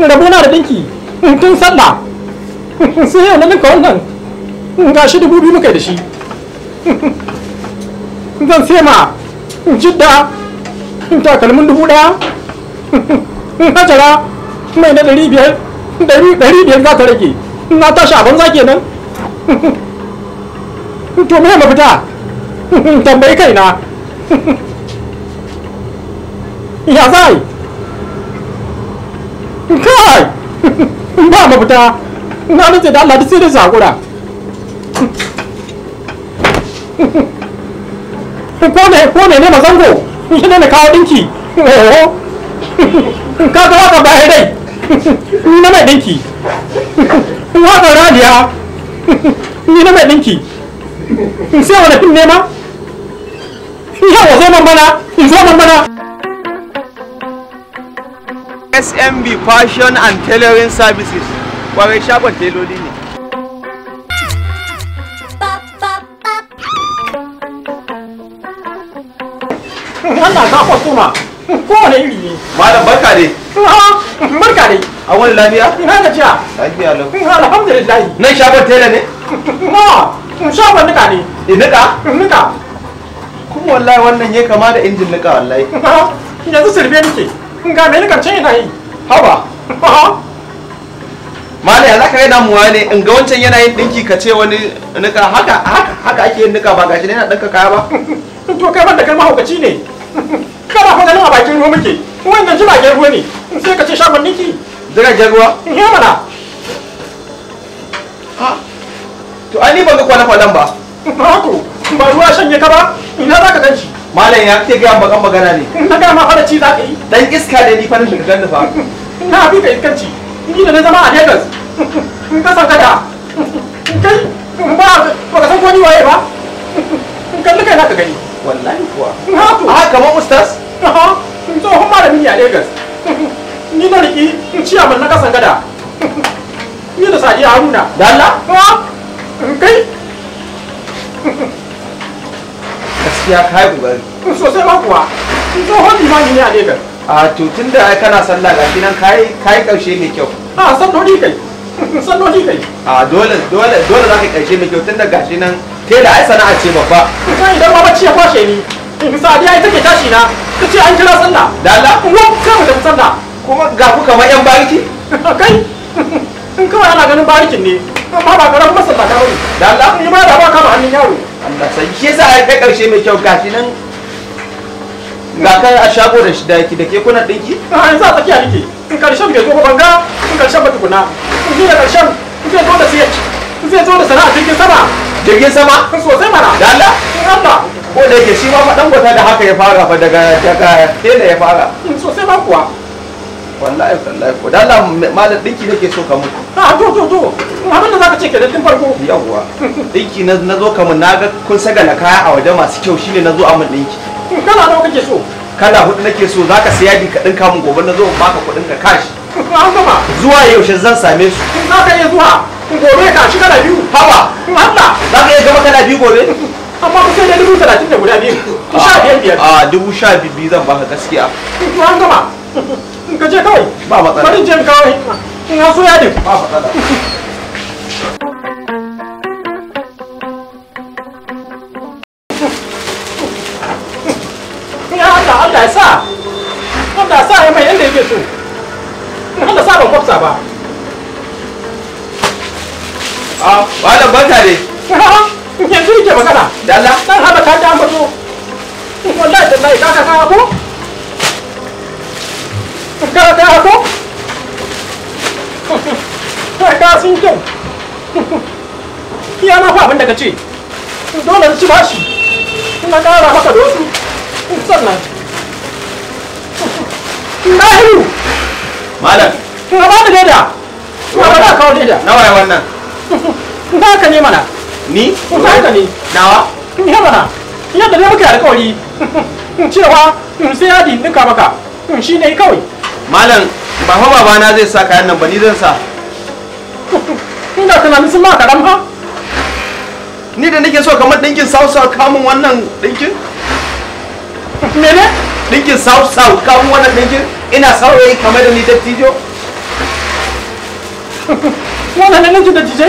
rabona da dinki tun sallah sai yau na ninka wannan ga shi dubu biyu muka yi da shi zan sai ma jidda takalmin dubu daya hajara mai na ɗari biyar ɗari biyar za ta rage na tashi a banza nan. to mai mafita tambayi kaina ya za yi kai ba mafita na rantsa da Allah duk sai da sakura ko ne ko ne ne mazango shi ne kawo dinki ka ga waka bayan rai ni na mai dinki waka radiya ni na mai dinki sai wani fim nema ma yawa zo nan bana in zo nan bana smb fashion and tailoring services kwarai shagon teloli ne Allah ka kwastoma kowane iri ne malam barka dai barka dai a wani lafiya ina da jiya lafiya lau alhamdulillah nan shagon tela ne na shagon nika ne E nika nika kuma wallahi wannan ya kama da injin nika wallahi yanzu sirbe nake ga me nika can yana yi haba malaya za ka yi damuwa ne in ga wancan yana yin dinki ka ce wani nika haka haka ake yin nika ba gashi ne yana ɗinka kaya ba to kai da kai haukaci ne kana fa ganin a bakin ruwa muke wannan jiragen ruwa ne sai ka ce shagon niki jiragen ruwa ya mana to ai ni ban ga kwana kwanan ba ba ku ba ruwa shanye ka ba ina za ka ganci malam ya ke gaya bakan magana ne na ga ma fara ci za ka yi dan iska ne ni fa nan da fa na bi ka iskanci ni da na zama a Lagos in ka saka da kai ba ba ka san ko ni waye ba in kalli kai ka gani wallahi kuwa ha ah, kamar ustaz tsohon malami ne a Lagos ni na riki ciyaman na kasan gada ni da sadiya haruna da Allah ah, kai gaskiya ka yi ƙoƙari. sosai ba kuwa tsohon limani ne a legas. a to tun da kana sallah ga nan ka yi ƙarshe mai kyau. a sannoni kai sannoni kai. a dole dole dole za ka yi ƙarshe mai kyau tun da shi nan tela ai sana'a ce babba. kai idan ma bacci ya kwashe ni. sadiya ita ke tashi na ta ce an kira sallah. da Allah. wa mu da sallah. kuma ga ku kamar yan bariki. kai in kawai ana ganin barikin ne amma ba karamin masa ba ne. da Allah. ni ma da ba karamin yaro Allah sai shi yasa ai kai karshe mai kyau gashi nan ga kan a shago da da yake da ke kuna dinki a ah, yanzu a tsakiya nake in karshen bai zo ba banga in karshen ba tukuna in ji da karshen in zai zo da siyar in zai zo da sana'a jirgin sama jirgin sama sosai mana da Allah in Allah ko da yake shi ma faɗan da haka ya fara fa daga daga tela ya fara sosai ba kuwa wallahi wallahi ko da Allah malam dinki nake so ka muku a ah, to to to abin da zaka ce kenan tun farko yawwa dinki na na zo kamun na ga kun saga kaya a waje masu kyau shine na zo a mun dinki hmm, kala nawa kake so kala hudu nake so zaka saya bi ka dinka mun gobe na zo in baka kudin ka kashi hmm, an gama zuwa yaushe zan same su hmm, za ka iya zuwa gobe ka shi kala biyu haba Allah za ka iya gama kala biyu gobe amma ku sai da dubu talatin da guda biyu sha biyar biyar a ah, dubu sha biyu zan baka gaskiya an gama ba matsala bari jin kawai in haso ya ne ba matsala sa Allah ya sa ban ba a ah, malam barka yanzu nake magana dalla dan haba ta ta ambato wallahi tallahi ka ka ka ko ka ka abin da ka ce dole na ci bashi ina kara maka da wasu sannan ɗahiru malam ina ba da leda ina ba da kawo leda nawa ya wannan ina ka ne mana ni ina ka ne nawa ina mana ina da dai muke alƙawari cewa in sai yadi in dinka maka in shi ne kawai malam ba fa babana zai sa kayan nan ba ni zan sa ina tunanin sun ma karam ha ni da nake so kamar dinkin south south kamun wannan dinkin mene dinkin south south kamun wannan dinkin ina sauraye kamar da ni tijo? wannan nake da tijo?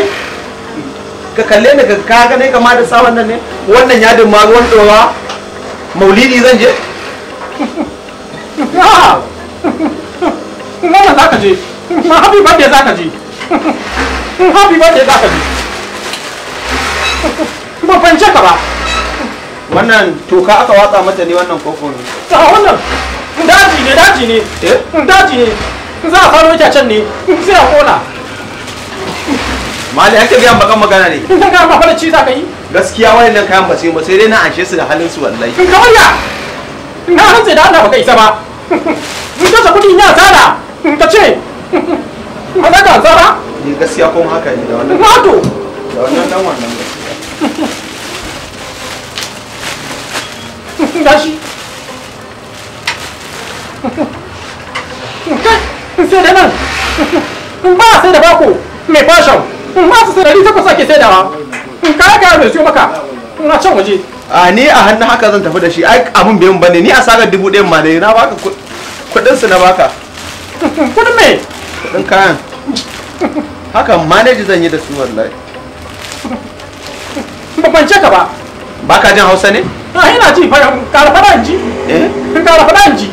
ka kalle ni ka ga ne kamar da sawan nan ne wannan ya dimma ruwan dowa maulidi zan je wannan za ka je ha birthday za ka je happy birthday za ka je ban fance ka ba wannan toka aka watsa mata ne wannan koko ne a wannan daji ne daji ne eh? daji ne za a faro can ne sai a kona mali ake biyan bakan magana ne in ka ma fara ci za ka yi gaskiya wani nan kayan basu ba sai dai na anshe su da halin su wallahi kamar in na hantsi da Allah baka isa ba in ka sa kudi ina in ka ce ma za ka tsara eh, gaskiya kuma haka ne da wannan wato da wannan dan wannan gashi nan ba sai da bako mai fashon masu sanari takwas ake sai dawa kaya kaya mai siyo maka na can waje a ni a hannun haka zan tafi da shi ai abin biyan ba ne ni a sagar dubu ɗayan ma da na baka su na baka kuɗin me kuɗin kayan haka maneji zan yi da su wallahi ba kwance ka ba ba ka jin hausa ne a ah, ina ji kara fada ji eh kara fada in ji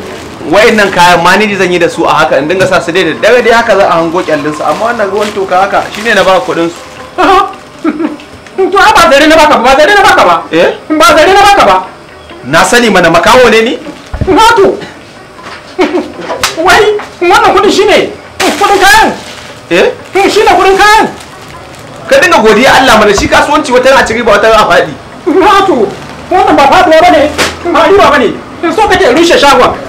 wayannan kayan maniji zan yi da su a haka in dinga sa su daidai daga dai haka za a hango kyallin su amma wannan ruwan toka haka shine na ba kuɗin su ah, to ba zare na baka ba zare na baka ba eh ba zare na baka ba na sani mana makawo ne ni na to wai wannan kuɗin shine kuɗin kayan eh shine kuɗin kayan dinga godiya Allah mana shi kasuwanci wata na ciri ba wata na faɗi. Wato, wannan ba faɗuwa ba ne, ba riba ba ne, in so kake rushe shagon.